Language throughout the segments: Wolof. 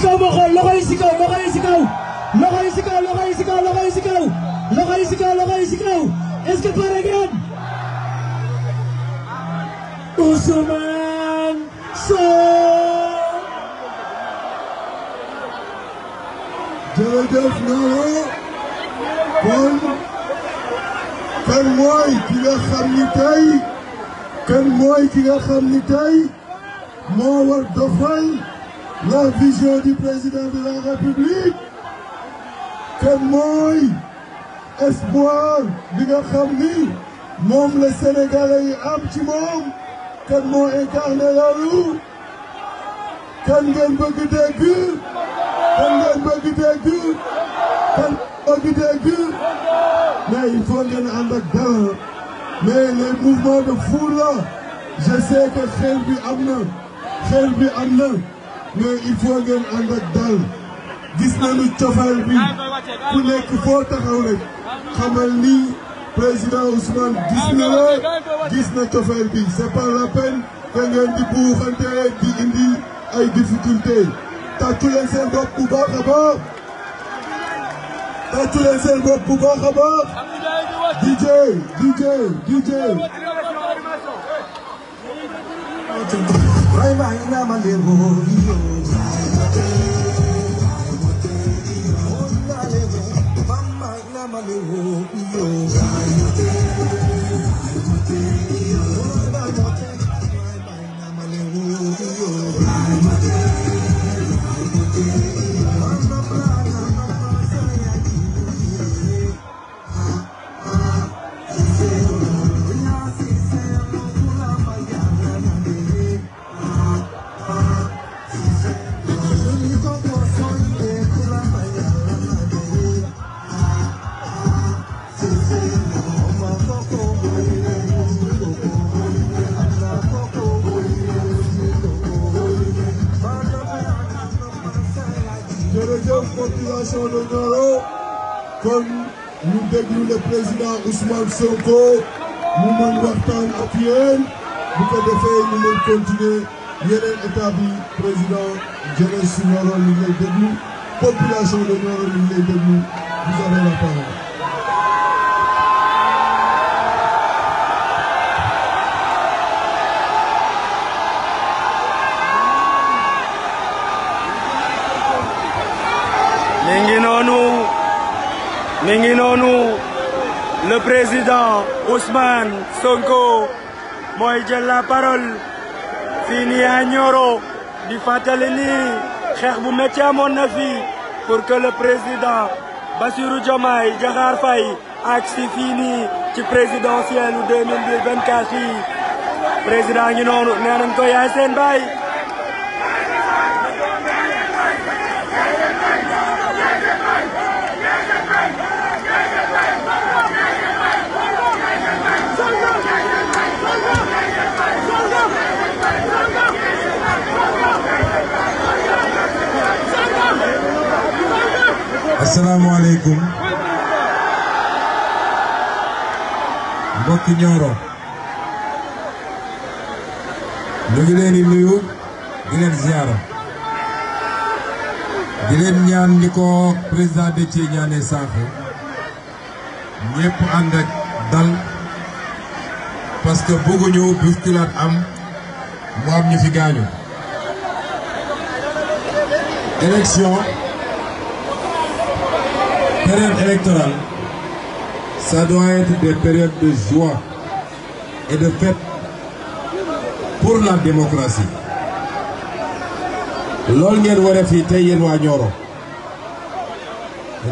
si yi si kaw loxo yi si kaw loxo yi si kaw loxo yi si kaw loxo yi si kaw loxo yi si kaw loxo yi si kaw est-ce que kan mooy ki nga kan mooy ki nga xam war dofal la vision du président la République te mooy espoir bi nga xam ni moom la sénégalais yi am ci moom kan moo incarné loolu kan ngeen bëgg dégg kan ngeen bëgg dégg kan bëgg dégg mais il faut ngeen ànd ak dara mais les mouvements de foule là xel bi am na xel bi am na mais il faut ngeen ànd ak dal gis nañu cofeel bi ku nekk foo taxaw rek xamal ni président Ousmane gis na la na cofeel bi c'est pas la peine que ngeen di buuxante di ay difficulté tàccu leen seen baax a baax tàccu leen seen bopp bu baax a baax DJ DJ DJ May mahina malebo iyong Mahina malebo iyong honorons kon ñu déglu le président Ousmane Sonko mu mën waxtaan ak yéen bu ko defee ñu mën continuer yeneen bi président jeunesse si le ñu ngi de Nioro ñu ngi lay déglu vous avez mi ngi noonu le président Ousmane Sonko mooy jël la parole fii nii à Nioro di fàttali xeex bu métti amoon na fii pour que le président Bassirou Diomaye Diakhar Faye ak si fii nii ci présidentielle 2024 yi président ngi noonu nee nañ ko yaay seen baay asalaamaaleykum mbokki Nioro ñu ngi leen di nuyu di leen ziara ko président Déthié ci Sakho ñëpp ànd ak dal parce que bëgguñu bousculade am mu am ñu fi gaañu période électorale, ça doit être des périodes de joie loolu ngeen war a fii tey yéen waa Nioro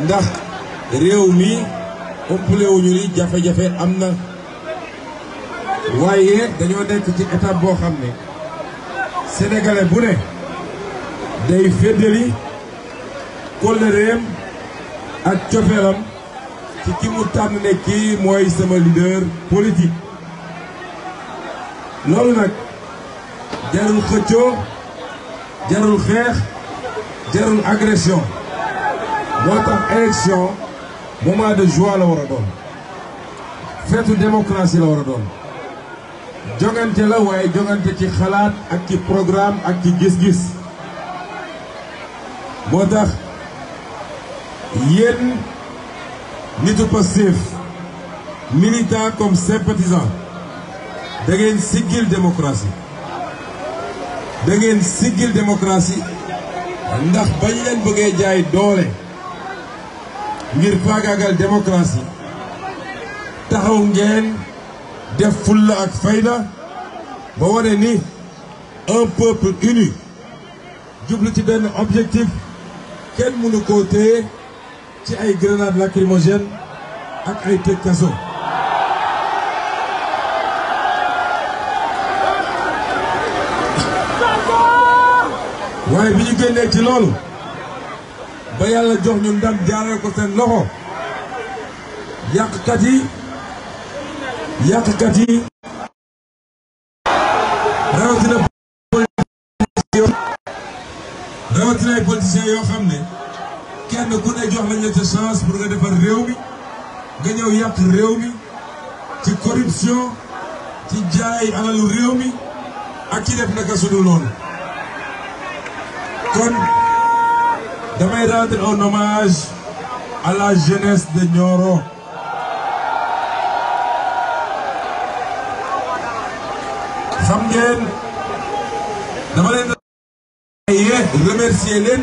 ndax réew mi ëmplewuñu ni jafe-jafe am na waaye dañoo nekk ci étape boo xam ne sénégalais bu ne day féddali kóllëreem ak cofeelam ci ki mu tànn ne kii mooy sama leader politique loolu nag jarul xëccoo jarul xeex jarul agression moo tax élection moment de joie la war a doon feetu démocratie la war a doon jogante la waaye jogante ci xalaat ak ci programme ak ci gis-gis moo tax yéen nitu Pastef militant comme sympathisant da ngeen siggil démocratie da ngeen siggil démocratie ndax bañ leen bëggee jaay doole ngir faagaagal démocratie taxaw ngeen def fulla ak fayda ba wane ni un peuple uni jublu ci benn objectif kenn mënu koo téye ci ay grenades lacrymogènes ak ay tëj kaso waaye bi ñu génnee ci loolu ba yàlla jox ñu ndam jaaree ko seen loxo yàqkat yi yàqkat yi rawatina rawatina ay yoo xam ne kenn ku ne jox nañ la ca chance pour nga defar réew mi nga ñëw yàq réew mi ci corruption ci jaay alalu réew mi ak ci def naka sunu loolu kon damay rendre un hommage à la jeunesse de Nioro xam dama leen remercier leen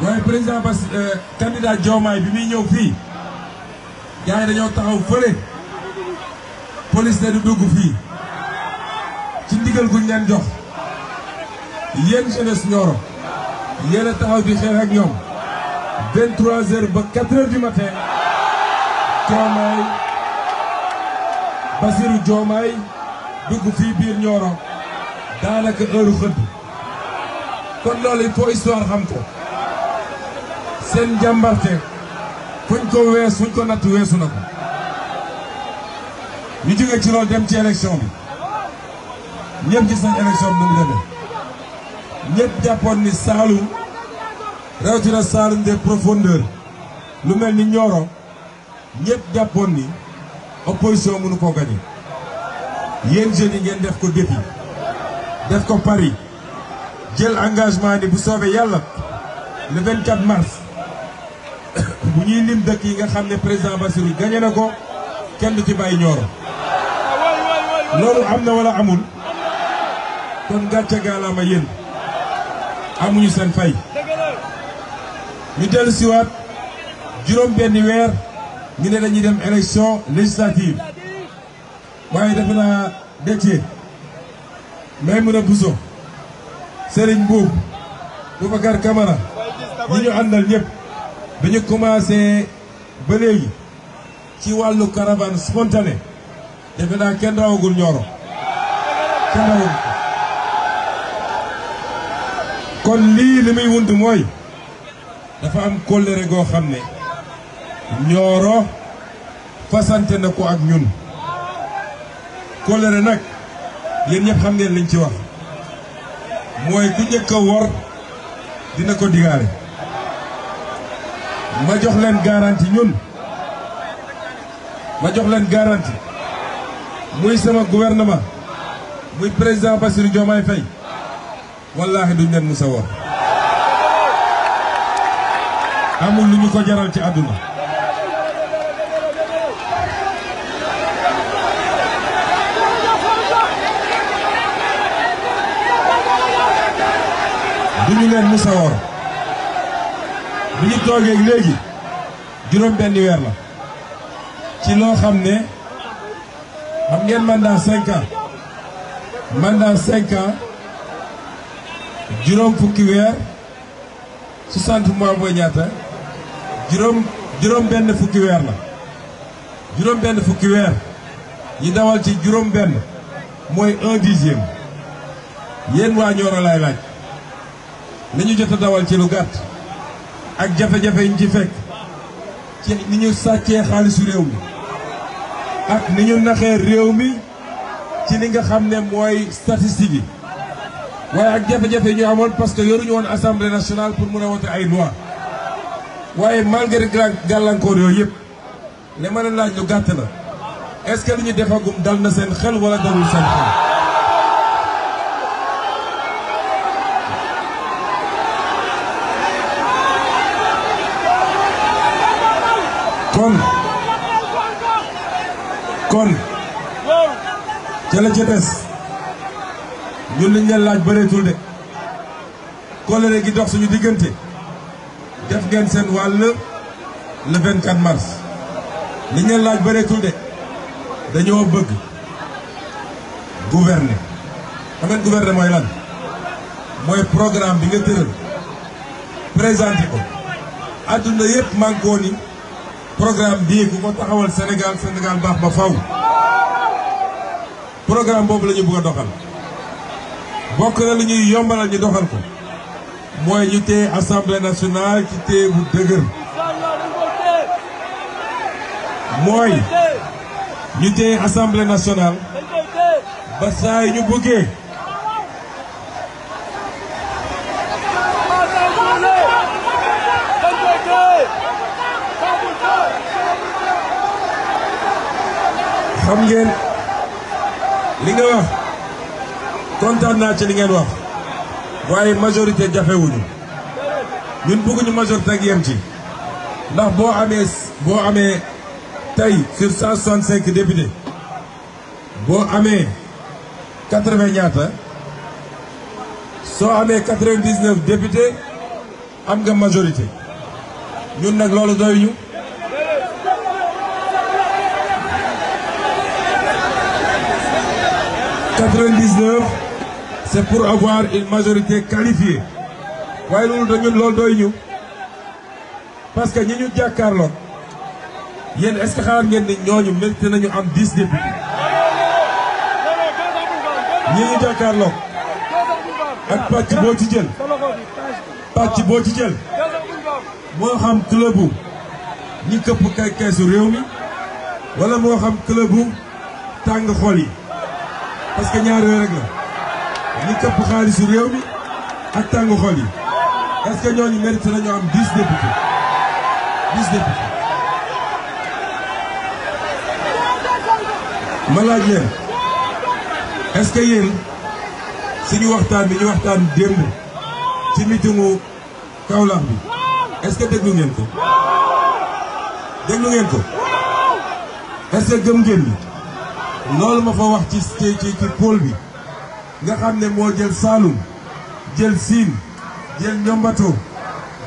waaye président Bass euh, candidat Diomaye bi muy ñëw fii gars yi dañoo taxaw fële police ne dugg fii ci ndigal guñ leen jox yéen jeunesse Nioro yéen a taxaw di xeex ak ñoom 23 heures ba 4 heures du matin Diomaye Bassirou Diomaye dugg fii biir Nioro daanaka heure xëdd kon loolu il faut histoire xam ko. seen njàmbarte fuñ ko wees weesu na ko ñu ci loolu dem ci élection bi ñëpp gis nañ élection nu mu demee ñëpp jàppoon ni Saalum rawatina Saalum de profondeurs lu mel ni Nioro ñëpp jàppoon ni opposition mënu koo gañe yéen yi ngeen def ko défi def ko pari jël engagement ni bu soobee yàlla mars bu ñuy lim dëkk yi nga xam ne président Bassirou gagné na ko kenn du ci ñoo Nioro loolu am na wala amul kon gàcce gaalaama yéen amuñu seen fay ñu dellu siwaat juróom benni weer ñu ne dañuy dem élection législative waaye defe naa Déthié Maïmouna Bousso Serigne Mbuub Boubacar Camara ñi ñu àndal ñëpp bi ñu commencé ba ci wàllu caravane spontané defe naa kenn rawagul Nioro kon lii li muy wund mooy dafa am kóllëre goo xam ne Nioro fasante na ko ak ñun kóllëre nag yéen ñëpp xam ngeen liñ ci wax mooy ku njëkk wor dina ko digaale ma jox leen garantie ñun ma joxleen garanti garantie muy sama gouvernement muy président Bassirou Diomaye Faye wallaahi duñ leen musa amul lu ñu ko jaral ci àdduna duñu leen musa bi ñu toogee léegi juróom benni weer la ci loo xam ne xam ngeen mandat cinq ans mandat cinq ans juróom fukki weer soixante mois mooy ñaata juróom benn fukki weer la juróom benn fukki weer yi dawal ci juróom benn mooy un dixième yéen waa Nioro laay laaj li ñu jot a dawal ci lu gàtt ak jafe-jafe yi ñu ci fekk ci ni ñu sàccee xaalisu réew mi ak ni ñu naxee réew mi ci li nga xam ne mooy statistique yi waaye ak jafe-jafe yi ñu amoon parce que yoruñu woon assemblée nationale pour mun a wote ay loi waaye malgré gàllankoor yooyu yëpp ne mën la laaj lu gàtt la est-ce que li ñu dal na seen xel wala dalul seen xel. kon kon jëla ca des ñun liñ leen laaj bëreetul de kóllëre gi dox suñu diggante def ngeen seen wàll le 24 mars liñ laaj bëreetul de dañoo bëgg gouverner xam ngeen gouverner mooy lan mooy programme bi nga tëral présenté ko adduna yëpp manko ni programme bii ku ko taxawal Sénégal Sénégal baax ba faw boobu la ñu bëgg a doxal bokk na lu ñuy yombalal ñu doxal ko mooy ñu téye assemblée nationale ci téye bu dëgër mooy ñu téye assemblée nationale ba saa yu xam ngeen li nga wax kontaan naa ci li ngeen wax waaye majorité jafewuñu ñun bëgguñu majorité ak yem ci ndax boo amee boo amee tey sur 165 députés boo amee 80 ñaata soo amee 99 députés am nga majorité ñun nag loolu doy 99 c'est pour avoir une majorité qualifiée waaye loolu dañu loolu doy ñu parce que ñi ñu jàkkaarloon yéen est-ce que xalaat ngeen ni ñooñu mérité nañu am 10 députés ñi ñu jàkkaarloon ak pàcc boo ci jël pàcc boo ci jël moo xam clubu ñi këpp kay réew mi wala moo xam clubu tàng xol yi. parce que ñaar yooyu rek la ñi këpp xaalisu réew mi ak tàngu xol yi est-ce que ñooñu mérité nañu am 10 députés 10 députés. leen est-ce que yéen suñu waxtaan bi ñu waxtaan démb ci mitingu Kaolack bi est-ce que déglu ngeen ko. déglu ngeen ko. est gëm ngeen ni loolu ma fa wax ci ci ci pôle bi nga xam ne moo jël saalum jël Sine jël Ñombato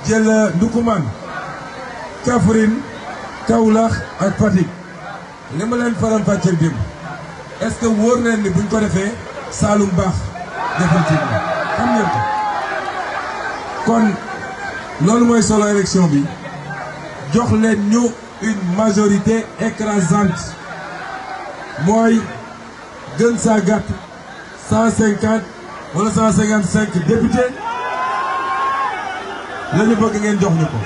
jël euh, Ndukumaan Kaffrine Kaolack ak Fatick li ma leen faram fàcceel démb est-ce que wóor na ni buñ ko defee Saloum baax defal ci xam ngeen ko kon loolu mooy solo élection bi jox leen ñu une majorité écrasante mooy gën saa gàtt cent cinquante wala cent cinquante cinq député la ñu ngeen jox ñu ko.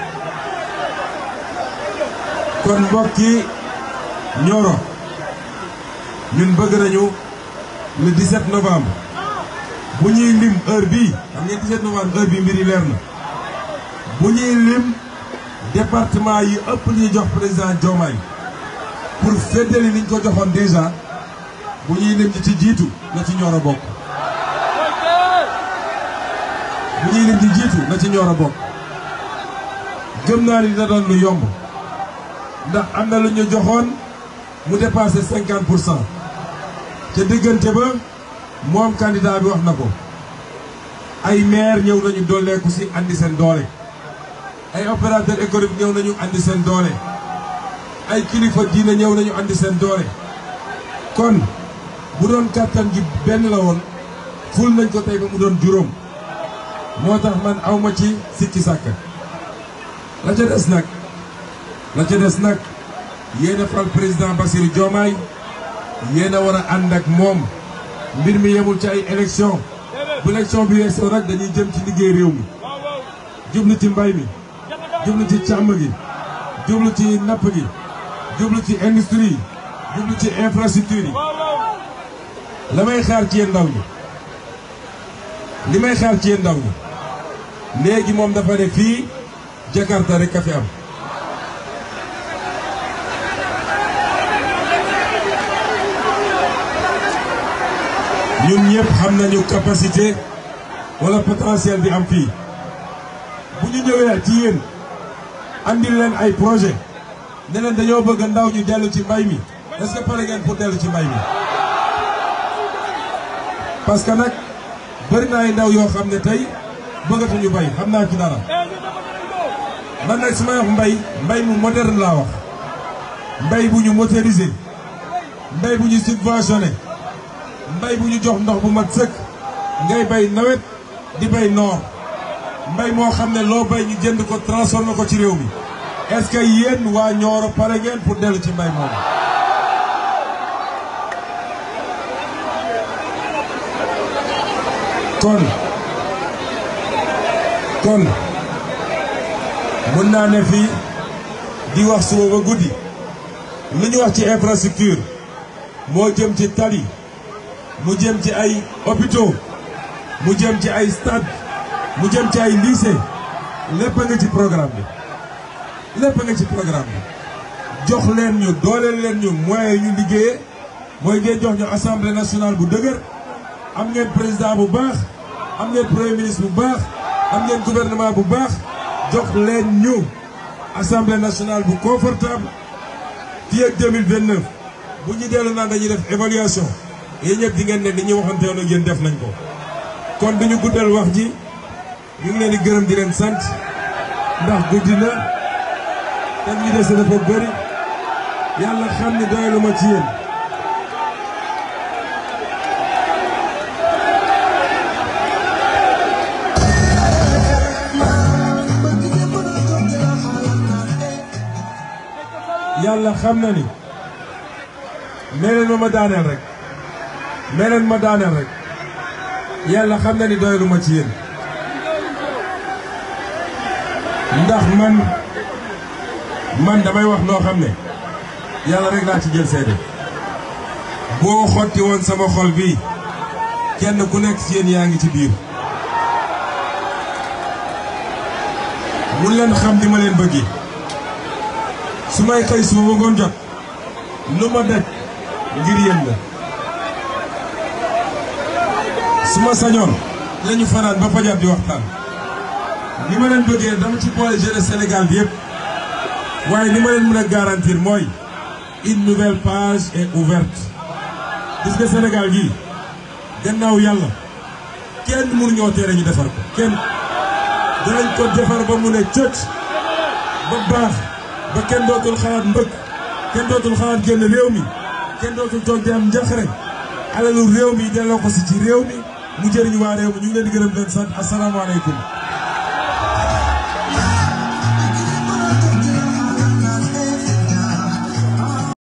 kon mbokk yi Nioro ñun bëgg nañu le 17 novembre bu ñuy lim heure bii xam ngeen 17 novembre heure bii mbir yi leer na bu ñuy lim département yi ëpp li jox président Diomaye. pour féddali ni ñu ko joxoon déjà bu ñuy lim ci jiitu na ci ñooro bokk. bu ñuy lim ci jiitu na ci ñooro bokk. gëm naa ni dina doon lu yomb ndax am na lu ñu joxoon mu dépassé cinquante pour cent te diggante ba moom candidat bi wax na ko ay maire ñëw nañu dooleeku si andi seen doole ay opérateur économique ñëw nañu andi seen doole. ay kilifa diine ñëw nañu andi seen doore kon bu doon kàttan gi benn la woon ful nañ ko tey ba mu doon juróom moo tax man awma ci sikki sàkk la ca des nag la ca des nag yéen a fal président Bassirou Diomaye yéen a war a ànd ak moom mbir mi yemul ci ay élection bu élection bi weesoo nag dañuy jëm ci liggéey réew mi jublu ci mbay mi jublu ci càmm gi jublu ci napp gi jublu ci industrie jublu ci infrastructure yi la may xaar ci yéen ndaw ñi li may xaar ci yéen ndaw ñi léegi moom dafa ne fii Jakarta rek a fi am ñun ñëpp xam nañu capacité wala potentiel bi am fii bu ñu ñëwee ci yéen andil leen ay projet ne dañoo bëgg ndaw ñu dellu ci mbay mi est-ce que pare ngeen pour mi. parce que nag bëri na ndaw yoo xam ne tey bëggatu ñu bay xam naa ci dara man nag su may wax mbay mbay mu moderne laa wax mbay bu ñu motorisé mbay bu ñu subventionné mbay bu ñu jox ndox bu mat sëkk ngay bay nawet di bay noor mbay moo xam ne loo bay ñu jënd ko transformé ko ci réew mi. est-ce que yéen waa Nioro pare ngeen pour dellu ci mbay moom kon kon mën naa ne fii di wax suba ba guddi li ñu wax ci infrastructure moo jëm ci tali mu jëm ci ay hôpitaux mu jëm ci ay stade mu jëm ci ay lycée lépp a nga ci programme bi lépp a ci programme bi jox leen ñu dooleel leen ñu moyens ñu liggéeyee mooy ngeen jox ñu assemblée nationale bu dëgër am ngeen président bu baax am ngeen premier ministre bu baax am ngeen gouvernement bu baax jox leen ñu assemblée nationale bu confortable fii ak 2029 bu ñu dellu naan dañuy def évaluation yéen ñëpp di ngeen ne li ñuy waxanteewoon ak yéen def nañ ko kon duñu guddal wax ji ñu ngi leen di gërëm di leen sant ndax guddi na te ñu dese dafa bëri yàlla xam ni doylu ma ci yéen. yàlla xam na ni nee ma ma daaneel rek nee ma daaneel rek yàlla xam na ni doylu ma ci yéen ndax man. man damay wax loo xam ne yàlla rek laa ci jël seede boo xotti woon sama xol bi kenn ku nekk ci yéen yaa ngi ci biir mun leen xam ni ma leen bëggi su may xëy su ma ngoon jot lu ma daj ngir yéen la su ma sañoon lañu fanaan ba fajar di waxtaan ni ma leen bëggee dama ci boole jeunesse senegal bi yëpp waaye li ma leen mën a garantir mooy une nouvelle page est ouverte gis nga Sénégal gii gannaaw yàlla kenn mënu ñoo tere ñu defar ko kenn danañ ko defar ba mu ne cëcc ba baax ba kenn dootul xalaat mbëkk kenn dootul xalaat génn réew mi kenn dootul toog di am njaqare alalu réew mi delloo ko si ci réew mi mu jëriñ waa réew mi ñu ngi leen di gërëm leen sant asalaamaaleykum